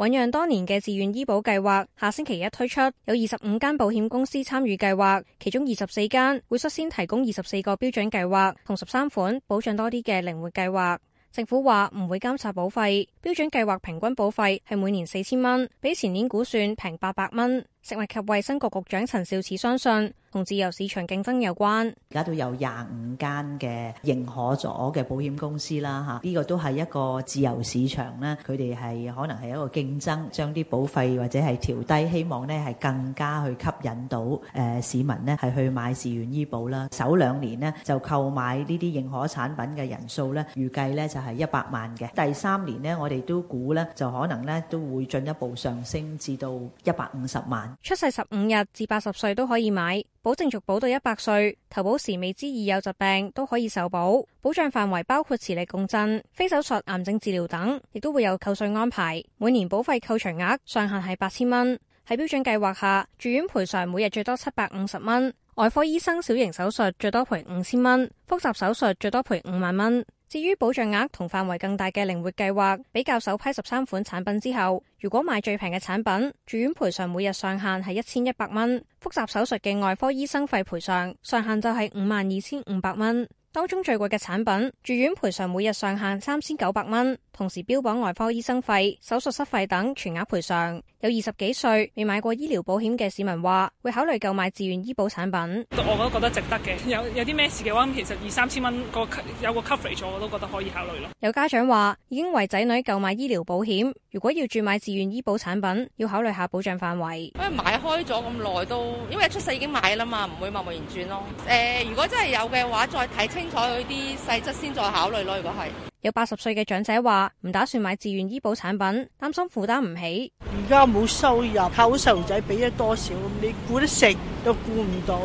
醞釀多年嘅自願醫保計劃下星期一推出，有二十五間保險公司參與計劃，其中二十四間會率先提供二十四個標準計劃同十三款保障多啲嘅靈活計劃。政府話唔會監察保費，標準計劃平均保費係每年四千蚊，比前年估算平八百蚊。食物及衛生局局長陳肇始相信，同自由市場競爭有關。而家都有廿五間嘅認可咗嘅保險公司啦，吓、這、呢個都係一個自由市場咧。佢哋係可能係一個競爭，將啲保費或者係調低，希望呢係更加去吸引到誒市民咧係去買自願醫保啦。首兩年呢，就購買呢啲認可產品嘅人數咧，預計咧就係一百萬嘅。第三年呢，我哋都估呢，就可能呢都會進一步上升至到一百五十萬。出世十五日至八十歲都可以買，保證續保到一百歲。投保時未知已有疾病都可以受保，保障範圍包括磁力共振、非手術癌症治療等，亦都會有扣稅安排。每年保費扣除額上限係八千蚊。喺標準計劃下，住院賠償每日最多七百五十蚊，外科醫生小型手術最多賠五千蚊，複雜手術最多賠五萬蚊。至於保障額同範圍更大嘅靈活計劃，比較首批十三款產品之後，如果買最平嘅產品，住院賠償每日上限係一千一百蚊，複雜手術嘅外科醫生費賠償上限就係五萬二千五百蚊。當中最貴嘅產品住院賠償每日上限三千九百蚊，同時標榜外科醫生費、手術室費等全額賠償。有二十幾歲未買過醫療保險嘅市民話，會考慮購買自願醫保產品。我都覺得值得嘅，有有啲咩事嘅話，其實二三千蚊個有個 coverage，我都覺得可以考慮咯。有家長話已經為仔女購買醫療保險，如果要轉買自願醫保產品，要考慮下保障範圍。因為買開咗咁耐都，因為出世已經買啦嘛，唔會默默然轉咯。誒、呃，如果真係有嘅話，再睇清清楚佢啲細則先，再考慮咯。如果係。有八十歲嘅長者話唔打算買自願醫保產品，擔心負擔唔起。而家冇收入，靠細路仔俾咗多少，你顧得食都顧唔到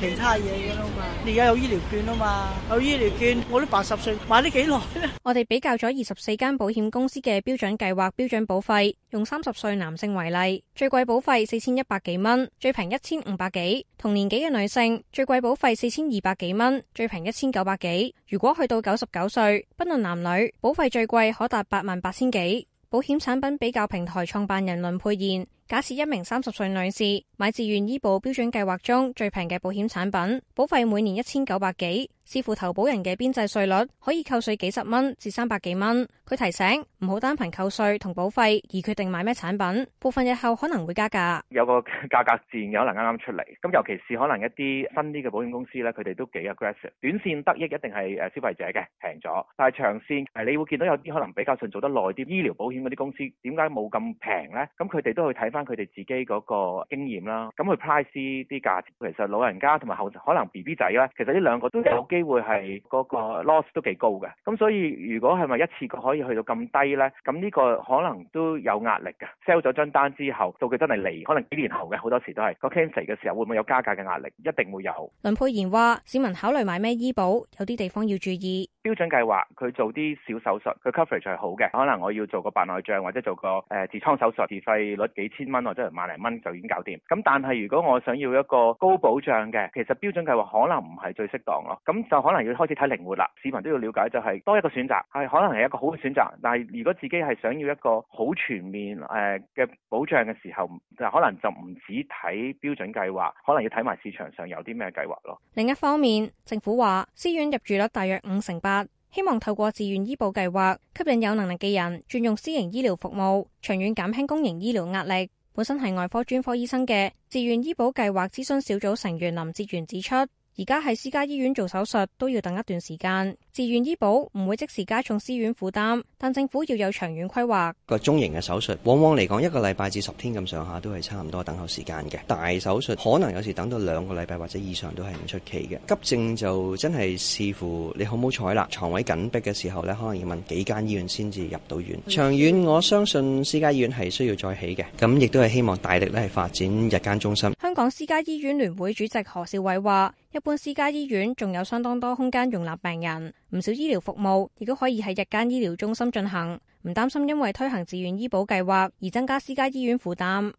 其他嘢噶啦嘛。你而家有醫療券啊嘛，有醫療券，我都八十歲買咗幾耐啦。我哋比較咗二十四間保險公司嘅標準計劃標準保費，用三十歲男性為例，最貴保費四千一百幾蚊，最平一千五百幾。同年紀嘅女性，最貴保費四千二百幾蚊，最平一千九百幾。如果去到九十九歲，不論男。男女保費最貴可達八萬八千幾，保險產品比較平台創辦人林佩賢。假設一名三十歲女士買自願醫保標準計劃中最平嘅保險產品，保費每年一千九百幾，視乎投保人嘅邊際稅率，可以扣稅幾十蚊至三百幾蚊。佢提醒唔好單憑扣稅同保費而決定買咩產品。部分日後可能會加價，有個價格戰有可能啱啱出嚟。咁尤其是可能一啲新啲嘅保險公司咧，佢哋都幾 aggressive，短綫得益一定係消費者嘅平咗，但係長綫你會見到有啲可能比較順做得耐啲醫療保險嗰啲公司，點解冇咁平呢？咁佢哋都去睇翻佢哋自己嗰個經驗啦，咁去 price 啲價，其實老人家同埋後可能 B B 仔咧，其實呢兩個都有機會係嗰個 loss 都幾高嘅。咁所以如果係咪一次過可以去到咁低咧，咁呢個可能都有壓力嘅。sell 咗張單之後，到佢真係嚟，可能幾年後嘅好多時都係個 cancel 嘅時候，會唔會有加價嘅壓力？一定會有。林佩賢話：市民考慮買咩醫保，有啲地方要注意。標準計劃佢做啲小手術，佢 coverage 係好嘅。可能我要做個白內障或者做個誒痔瘡手術，自費率幾千蚊或者成萬零蚊就已經搞掂。咁但係如果我想要一個高保障嘅，其實標準計劃可能唔係最適當咯。咁就可能要開始睇靈活啦。市民都要了解就係多一個選擇係可能係一個好嘅選擇，但係如果自己係想要一個好全面誒嘅保障嘅時候，就可能就唔止睇標準計劃，可能要睇埋市場上有啲咩計劃咯。另一方面，政府話私院入住率大約五成八。希望透過自願醫保計劃，吸引有能力嘅人轉用私營醫療服務，長遠減輕公營醫療壓力。本身係外科專科醫生嘅自願醫保計劃諮詢小組成員林哲玄指出，而家喺私家醫院做手術都要等一段時間，自願醫保唔會即時加重私院負擔，但政府要有長遠規劃。個中型嘅手術往往嚟講一個禮拜至十天咁上下都係差唔多等候時間嘅，大手術可能有時等到兩個禮拜或者以上都係唔出奇嘅。急症就真係視乎你好唔好彩啦，床位緊迫嘅時候咧，可能要問幾間醫院先至入到院。長遠我相信私家醫院係需要再起嘅，咁亦都係希望大力咧係發展日間中心。香港私家醫院聯會主席何兆煒話，一般私家醫院仲有相當多空間容納病人，唔少醫療服務亦都可以喺日間醫療中心進行，唔擔心因為推行自願醫保計劃而增加私家醫院負擔。